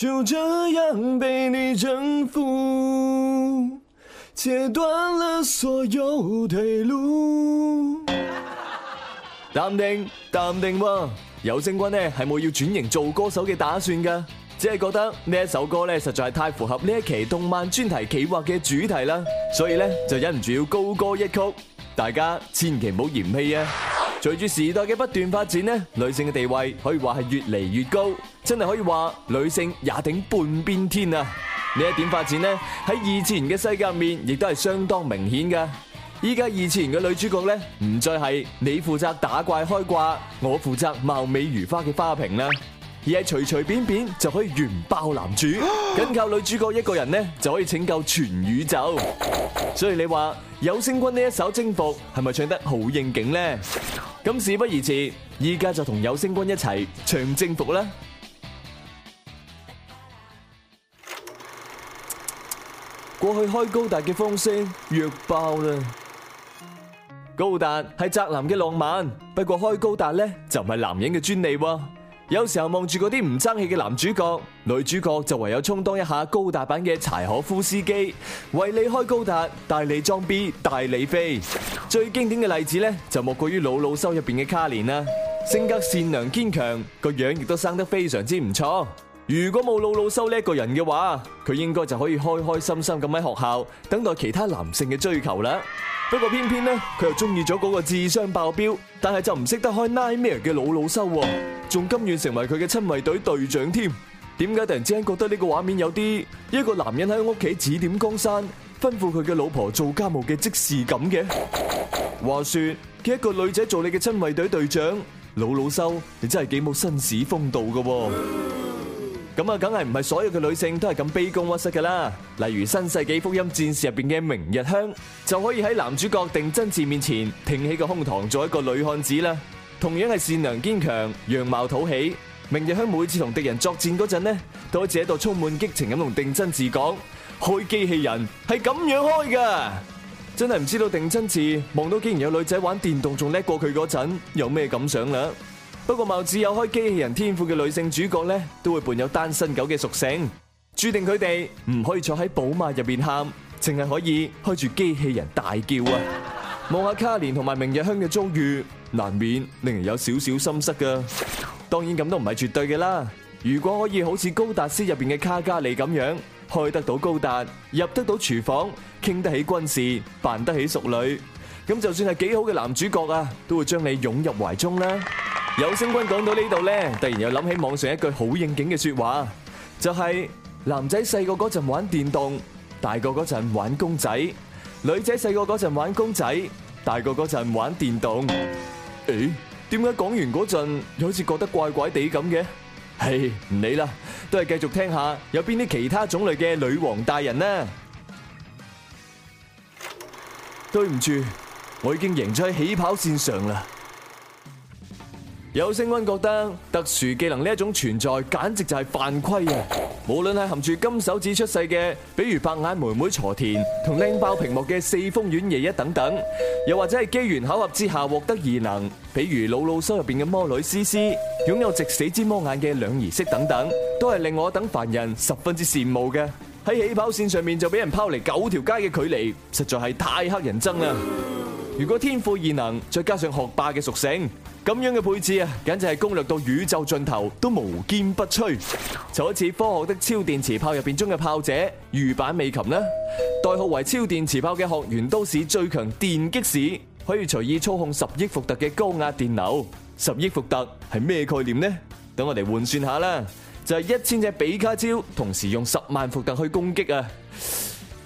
就這樣被你征服，切斷了所有退路。淡定，淡定喎！有聲君呢係冇要轉型做歌手嘅打算噶，只係覺得呢一首歌呢實在係太符合呢一期動漫專題企劃嘅主題啦，所以呢就忍唔住要高歌一曲，大家千祈唔好嫌棄啊！隨住時代嘅不斷發展呢，女性嘅地位可以話係越嚟越高，真係可以話女性也頂半邊天啊！呢一點發展呢喺以前嘅世界面亦都係相當明顯噶。依家二次元嘅女主角呢唔再係你負責打怪開掛，我負責貌美如花嘅花瓶啦，而係隨隨便便就可以完爆男主，僅靠女主角一個人呢就可以拯救全宇宙。所以你話有聲君呢一首征服係咪唱得好應景呢？咁事不宜遲，依家就同有聲君一齊唱征服啦！過去開高達嘅風聲弱爆啦，高達係宅男嘅浪漫，不過開高達咧就唔係男人嘅專利喎。有時候望住嗰啲唔爭氣嘅男主角、女主角，就唯有充當一下高達版嘅柴可夫斯基，為你開高達，帶你裝逼，帶你飛。最經典嘅例子咧，就莫過於《魯魯修》入面嘅卡蓮啦，性格善良堅強，個樣亦都生得非常之唔錯。如果冇老老修呢一個人嘅話，佢應該就可以開開心心咁喺學校等待其他男性嘅追求啦。不過偏偏咧，佢又中意咗嗰個智商爆表但係就唔識得開 Nightmare 嘅老老修，仲甘願成為佢嘅親衛隊隊長添？點解突然之間覺得呢個畫面有啲一個男人喺屋企指點江山，吩咐佢嘅老婆做家務嘅即視感嘅？話說，叫一個女仔做你嘅親衛隊隊長，老老修，你真係幾冇紳士風度嘅。咁啊，梗係唔係所有嘅女性都係咁卑躬屈膝噶啦？例如《新世紀福音戰士》入邊嘅明日香，就可以喺男主角定真治面前挺起個胸膛，做一個女漢子啦。同樣係善良堅強、樣貌討喜。明日香每次同敵人作戰嗰陣呢，都喺這度充滿激情咁同定真治講開機器人係咁樣開噶。真係唔知道定真治望到竟然有女仔玩電動仲叻過佢嗰陣，有咩感想啦？不過，貌似有開機器人天賦嘅女性主角咧，都會伴有單身狗嘅屬性，注定佢哋唔可以坐喺寶馬入邊喊，淨係可以開住機器人大叫啊！望下卡蓮同埋明日香嘅遭遇，難免令人有少少心塞噶。當然咁都唔係絕對嘅啦。如果可以好似高達斯入邊嘅卡嘉莉咁樣，開得到高達，入得到廚房，傾得起軍事，扮得起淑女，咁就算係幾好嘅男主角啊，都會將你擁入懷中啦。有聲君講到呢度呢，突然又諗起網上一句好應景嘅說話，就係男仔細個嗰陣玩電動，大個嗰陣玩公仔；女仔細個嗰陣玩公仔，大個嗰陣玩電動。誒，點解講完嗰陣，又好似覺得怪怪地咁嘅？嘿，唔理啦，都係繼續聽下有邊啲其他種類嘅女王大人呢？對唔住，我已經贏咗喺起跑線上啦。有聲君覺得特殊技能呢一種存在，簡直就係犯規啊。無論係含住金手指出世嘅，比如白眼妹妹雛田同拎爆屏幕嘅四楓院夜一等等；又或者係機緣巧合之下獲得異能，比如魯魯修入邊嘅魔女詩詩，擁有直死之魔眼嘅兩儀式等等，都係令我等凡人十分之羨慕嘅。喺起跑線上面就俾人拋離九條街嘅距離，實在係太黑人憎啦！如果天賦異能，再加上學霸嘅屬性。咁樣嘅配置啊，簡直係攻略到宇宙盡頭都無堅不摧。就係某科學的超電磁炮入邊中嘅炮姐，御坂美琴啦。代號為超電磁炮嘅學園都市，最強電擊士，可以隨意操控十億伏特嘅高壓電流。十億伏特係咩概念呢？等我哋換算下啦，就係一千隻比卡超同時用十萬伏特去攻擊啊！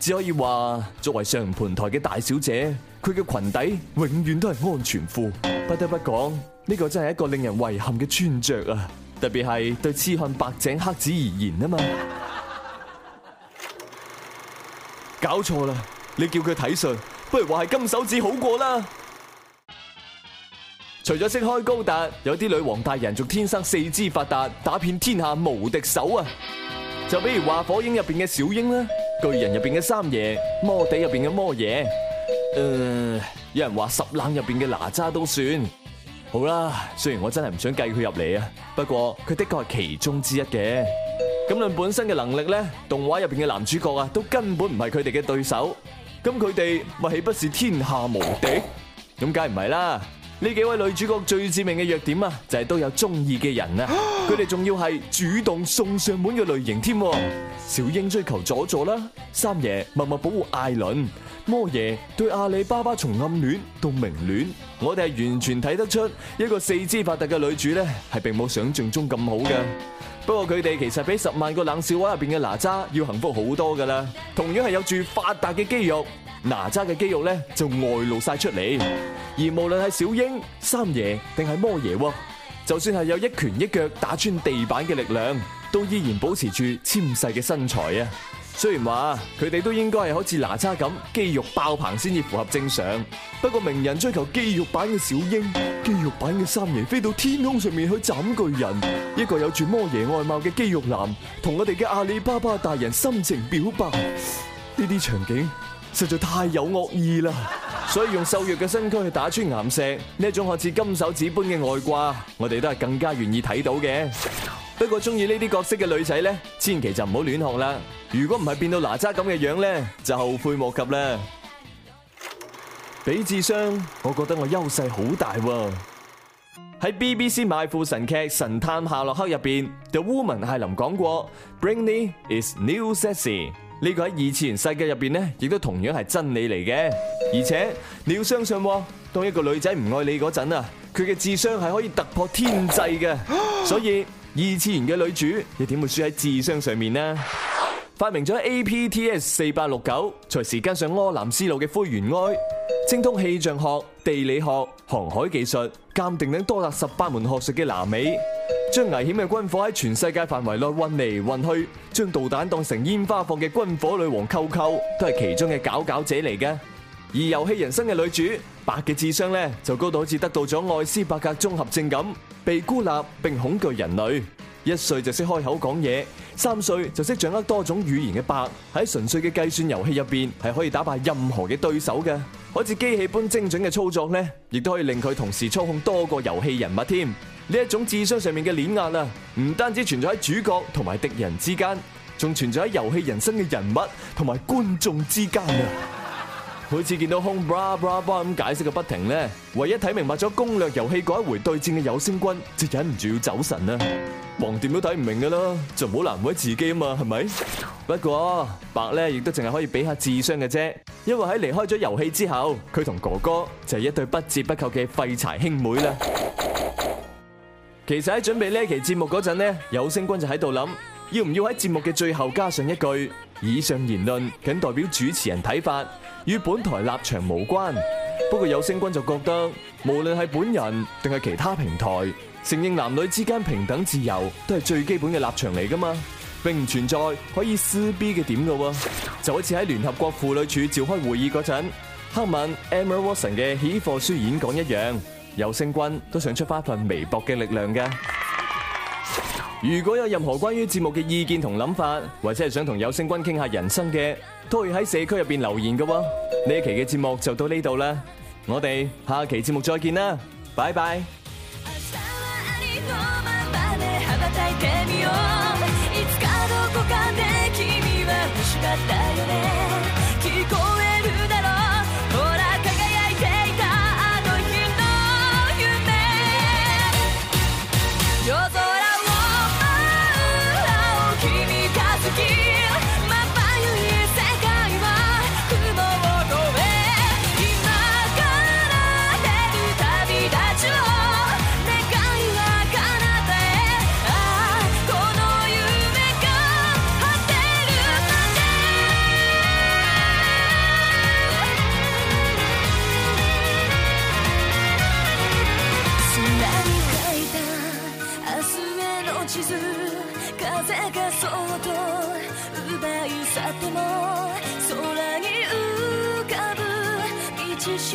只可以話，作為上盤台嘅大小姐，佢嘅裙底永遠都係安全褲。不得不講，呢個真係一個令人遺憾嘅穿着啊！特別係對痴漢白井黑子而言啊嘛。搞錯啦，你叫佢睇信，不如話係金手指好過啦。除咗識開高達，有啲女王大人仲天生四肢發達，打遍天下無敵手啊！就比如話火影入邊嘅小櫻啦。巨人入邊嘅三爺，魔帝入邊嘅魔爺，誒，有人話十冷入邊嘅哪吒都算好啦。雖然我真係唔想計佢入嚟啊，不過佢的確係其中之一嘅。咁論本身嘅能力咧，動畫入邊嘅男主角啊，都根本唔係佢哋嘅對手。咁佢哋咪豈不是天下無敵？咁梗係唔係啦。呢幾位女主角最致命嘅弱點啊，就係都有中意嘅人啊，佢哋仲要係主動送上門嘅類型添。小英追求佐助啦，三爺默默保護艾倫，摩爺對阿里巴巴從暗戀到明戀，我哋係完全睇得出一個四肢發達嘅女主咧，係並冇想象中咁好嘅。不過佢哋其實比十萬個冷笑話入邊嘅哪吒要幸福好多噶啦，同樣係有住發達嘅肌肉，哪吒嘅肌肉咧就外露晒出嚟。而無論係小英、三爺定係魔爺，就算係有一拳一腳打穿地板嘅力量，都依然保持住纖細嘅身材啊！雖然話佢哋都應該係好似哪吒咁肌肉爆棚先至符合正常，不過名人追求肌肉版嘅小英、肌肉版嘅三爺，飛到天空上面去斬巨人，一個有住魔爺外貌嘅肌肉男，同我哋嘅阿里巴巴大人深情表白，呢啲場景實在太有惡意啦！所以用瘦弱嘅身軀去打穿岩石，呢一種看似金手指般嘅外掛，我哋都係更加願意睇到嘅。不過中意呢啲角色嘅女仔咧，千祈就唔好亂學啦。如果唔係變到哪吒咁嘅樣咧，就後悔莫及啦。比智商，我覺得我優勢好大喎。喺 BBC 賣腐神劇《神探夏洛克》入邊，The Woman 係林講過，Brainy is new sexy。呢個喺二次元世界入邊呢，亦都同樣係真理嚟嘅。而且你要相信，當一個女仔唔愛你嗰陣啊，佢嘅智商係可以突破天際嘅。所以二次元嘅女主，你點會輸喺智商上面呢？發明咗 APTX 4869，隨時跟上柯南思路嘅灰原哀，精通氣象學、地理學、航海技術、鑑定等多達十八門學術嘅娜美。將危險嘅軍火喺全世界範圍內運嚟運去，將導彈當成煙花放嘅軍火女王扣扣，都係其中嘅佼佼者嚟嘅。而遊戲人生嘅女主白嘅智商咧，就高到好似得到咗愛斯伯格綜合症咁，被孤立並恐懼人類。一歲就識開口講嘢，三歲就識掌握多種語言嘅白，喺純粹嘅計算遊戲入邊係可以打敗任何嘅對手嘅，好似機器般精準嘅操作呢，亦都可以令佢同時操控多個遊戲人物添。呢一種智商上面嘅碾壓啊，唔單止存在喺主角同埋敵人之間，仲存在喺遊戲人生嘅人物同埋觀眾之間啊！每次見到空 bra bra bra 咁解釋嘅不停咧，唯一睇明白咗攻略遊戲嗰一回對戰嘅有聲君，就忍唔住要走神啦。橫掂都睇唔明㗎喇，就唔好難為自己啊嘛，係咪？不過白咧，亦都淨係可以俾下智商嘅啫。因為喺離開咗遊戲之後，佢同哥哥就係一對不折不扣嘅廢柴兄妹啦。其實喺準備呢一期節目嗰陣咧，有聲君就喺度諗，要唔要喺節目嘅最後加上一句。以上言論僅代表主持人睇法，與本台立場無關。不過有聲君就覺得，無論係本人定係其他平台，承認男女之間平等自由都係最基本嘅立場嚟㗎嘛，並唔存在可以撕逼嘅點㗎喎。就好似喺聯合國婦女署召開會議嗰陣，赫敏 Emma Watson 嘅 HeForShe 演講一樣，有聲君都想出翻份微薄嘅力量嘅。如果有任何關於節目嘅意見同諗法，或者係想同有聲君傾下人生嘅，都可以喺社區入邊留言㗎。呢期嘅節目就到呢度啦，我哋下期節目再見啦，拜拜。